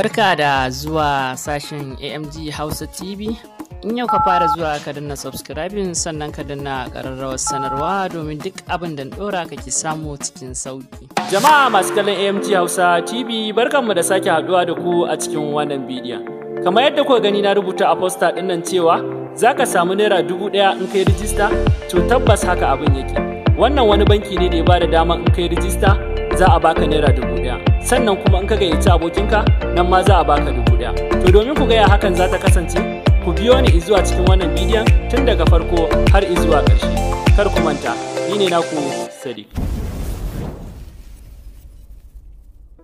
Barka da zuwa sashen AMG Hausa TV. In yau ka fara zuwa ka danna subscribing sannan ka danna ƙararrawar sanarwa domin duk abin da ɗora kake samu cikin sauki. Jama'a masu kallon AMG Hausa TV barkanmu da sake haɗuwa da ku a cikin wannan bidiyo. Kamar yadda kuka gani na rubuta a posta ɗin nan cewa za ka samu naira dubu ɗaya in kai rijista to tabbas haka abin yake. Wannan wani banki ne da ya ba da dama in kai rijista za a baka naira dubu ɗaya. sannan kuma in ka gayyaci abokinka nan ma za a baka dubu daya to domin ku gaya hakan za ta kasance ku biyo ni izuwa cikin wannan bidiyon tun daga farko har izuwa ƙarshe kar ku manta ni ne naku sadiq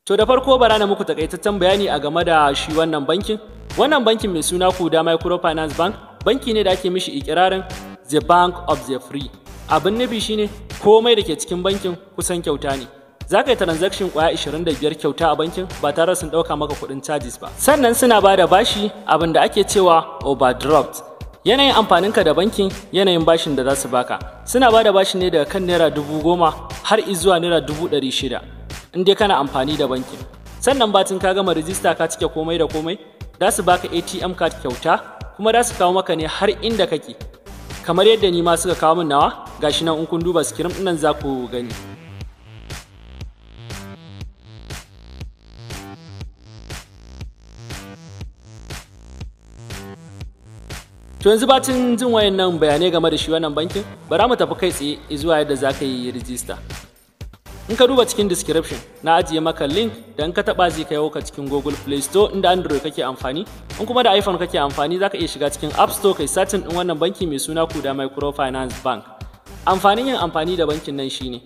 To da farko bara na muku takaitaccen bayani a game da shi wannan bankin. Wannan bankin mai suna ku Kuda Microfinance Bank, banki ne da ake mishi ikirarin The Bank of the Free. Abin nufi shine komai da ke cikin bankin kusan kyauta ne. za ka yi transaction kwaya 25 kyauta a bankin ba tare sun ɗauka maka kuɗin charges ba sannan suna ba da bashi abinda ake cewa overdraft yanayin amfanin ka da bankin yanayin bashin da za su baka suna bada bashi ne daga kan naira dubu goma har izuwa naira dubu ɗari shida in dai kana amfani da bankin sannan batun ka gama rijista ka cike komai da komai za su baka atm card kyauta kuma za su kawo maka ne har inda kake kamar yadda ni ma suka kawo min nawa gashi nan in kun duba screen nan za ku gani to yanzu bacin jin wayannan bayanai game da shi wannan bankin bara mu tafi kai tsaye zuwa yadda za ka yi rijista in ka duba cikin description na ajiye maka link da in ka taba zai kai ka cikin google play store inda android kake amfani in kuma da iphone kake amfani za ka iya shiga cikin app store kai satin din wannan banki mai suna kuda microfinance bank amfanin yin amfani da bankin nan shine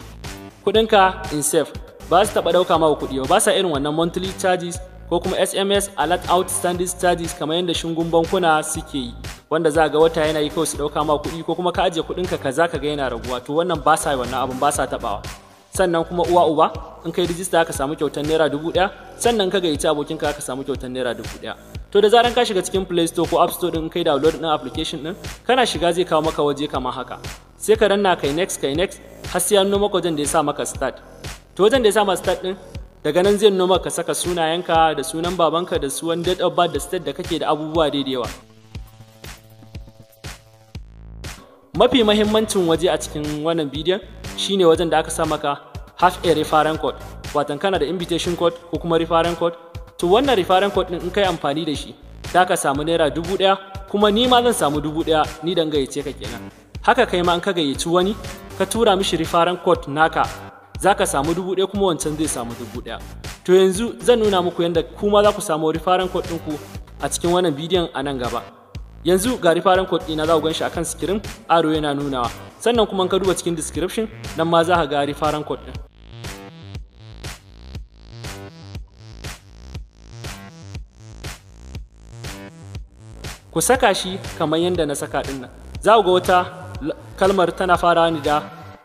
kudinka in safe ba su taba dauka maka kudi ba sa irin wannan monthly charges ko kuma sms alert outstanding charges kamar yadda shingun bankuna suke yi wanda za ga wata yana yi kawai su ɗauka ma kuɗi ko kuma ka ajiye kuɗinka kaza ka ga yana raguwa to wannan ba sa wannan abin ba sa taɓawa sannan kuma uwa uba in kai rijista ka samu kyautar naira dubu ɗaya sannan ka gayyaci abokinka ka samu kyautar naira dubu ɗaya to da zaran ka shiga cikin play store ko app store din kai download din application din kana shiga zai kawo maka waje kamar haka sai ka ranna kai next kai next har sai ya nuno maka wajen da ya sa maka start to wajen da ya sa maka start din daga nan zai nuno maka saka sunayenka da sunan babanka da suwan date of birth da state da kake da abubuwa daidai yawa mafi mahimmancin waje a cikin wannan bidiyon shine wajen da aka sa maka half a referral code watan kana da invitation code ko kuma referral code to wannan referral code din in kai amfani da shi za ka samu naira dubu ɗaya kuma ni ma zan samu dubu ɗaya ni dan gayyace ka kenan haka kai ma an ka gayyaci wani ka tura mishi referral code naka za ka samu dubu ɗaya kuma wancan zai samu dubu ɗaya to yanzu zan nuna muku yadda kuma za ku samu referral code ɗinku a cikin wannan bidiyon a nan gaba yanzu ga rifaren code ɗina za ku gan shi akan screen aro yana nunawa sannan kuma ka duba cikin description nan ma za ka ga rifaren code ɗin ku saka shi kamar yadda na saka ɗin nan za ku ga wata kalmar tana fara ni da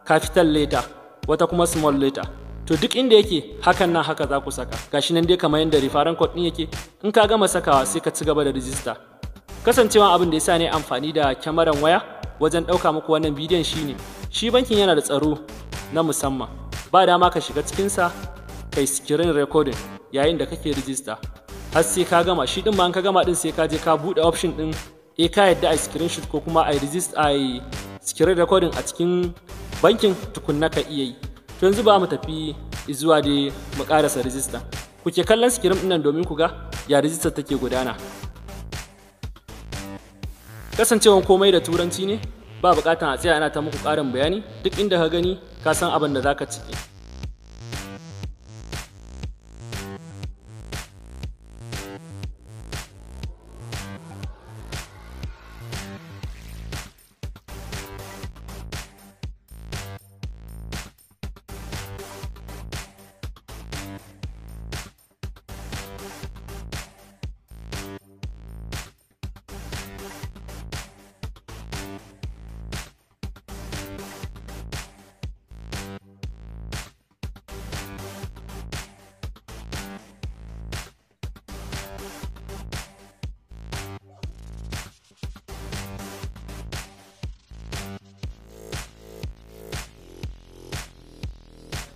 capital letter wata kuma small letter to duk inda yake hakan nan haka za ku saka gashi nan dai kamar yadda rifaren code ɗin yake in ka gama sakawa sai ka ci gaba da rijista kasancewa abin da ya sa ne amfani da kyamaran waya wajen ɗauka muku wannan bidiyon shi ne. shi bankin yana da tsaro na musamman ba dama ka shiga cikinsa kai screen recording yayin da kake rijista har sai ka gama shi din ma ka gama din sai ka je ka buɗe option din eh ka yadda a screen screenshot ko kuma a register a screen recording a cikin bankin tukunna ka iya yi to yanzu ba mu tafi zuwa dai mu karasa rijista kuke kallon screen din nan domin ku ga ya rijista take gudana kasancewan komai da turanci ne ba bukatan a tsaya ana ta muku ƙarin bayani duk inda ka gani ka san abin da za ka ciki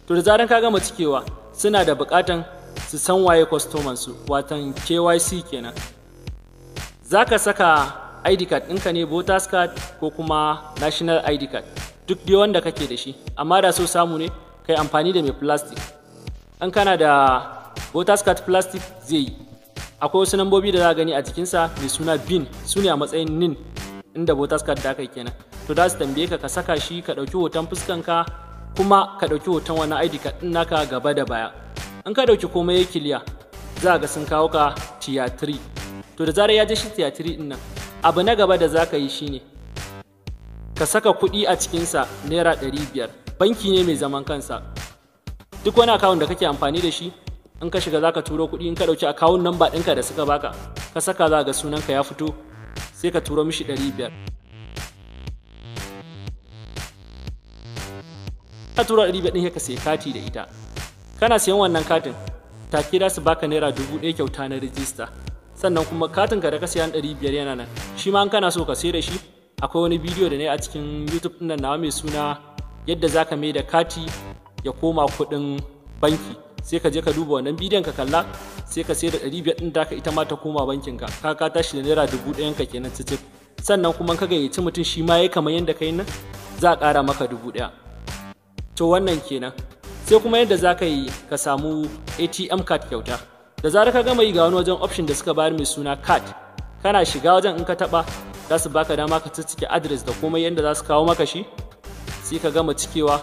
to da zaran ka gama cikewa suna da bukatan su san waye customer su watan KYC kenan za ka saka ID card ɗinka ne voters card ko kuma national ID card duk dai wanda kake da shi amma da so samu ne kai amfani da mai plastic an kana da voters card plastic zai yi akwai wasu nambobi da za gani a jikinsa mai suna bin su ne a matsayin nin inda voters card da kai kenan to da su tambaye ka ka saka shi ka ɗauki hoton fuskanka kuma ka ɗauki hoton wani ID ka ɗin naka gaba da baya in ka ɗauki komai ya kiliya za ga sun kawo ka tiyatiri. to da zarar ya je shi tiyatiri ɗin nan abu na gaba da za ka yi shi ne. ka saka kuɗi a cikinsa naira ɗari biyar. banki ne mai zaman kansa duk wani akawun da kake amfani da shi in ka shiga za ka turo kuɗi in ka ɗauki akawun namba ɗinka da suka baka ka saka za ga sunanka ya fito sai ka turo mishi ɗari biyar. ka tura ɗari biyar ɗin ka sayi kati da ita kana sayan wannan katin take da su baka naira dubu ɗaya kyauta na rijista sannan kuma katin ka da ka siyan ɗari biyar yana nan shi ma kana so ka sayar da shi akwai wani bidiyo da ne a cikin youtube ɗin nan na mai suna yadda za ka mai da kati ya koma kuɗin banki sai ka je ka duba wannan bidiyon ka kalla sai ka sayar da ɗari biyar ɗin da ka ita ma ta koma bankin ka ka ka tashi da naira dubu ɗayan ka kenan cicif sannan kuma ka gayyaci mutum shi ma ya kamar yadda ka yi nan za a ƙara maka dubu ɗaya to wannan kenan sai kuma yadda za ka yi ka samu atm card kyauta da zarar ka gama yi ga wani wajen option da suka bayar mai suna card kana shiga wajen in ka taba za su baka dama ka ciccike address da komai yadda za su kawo maka shi sai ka gama cikewa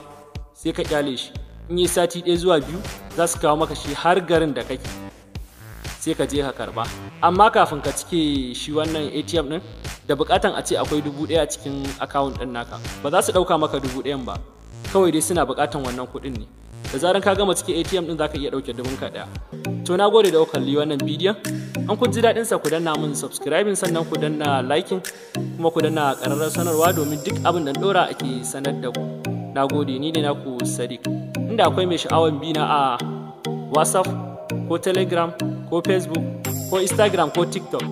sai ka kyale shi in yi sati ɗaya zuwa biyu za su kawo maka shi har garin da kake sai ka je ka karba amma kafin ka cike shi wannan atm din da bukatan a ce akwai dubu ɗaya cikin akawun ɗin naka ba za su ɗauka maka dubu ɗayan ba kawai dai suna bukatan wannan kuɗin ne da zaran ka gama cikin atm din zaka iya ɗauke dubun ka ɗaya to na gode da kalli wannan bidiyon an ku ji daɗin sa ku danna mun subscribing sannan ku danna liking kuma ku danna ƙararrar sanarwa domin duk abin da ɗora ake sanar da ku na gode ni ne naku sadiq inda akwai mai sha'awan na a whatsapp ko telegram ko facebook ko instagram ko tiktok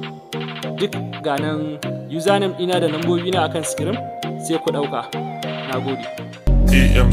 duk ganan username ɗina da lambobi na akan screen sai ku ɗauka na EM.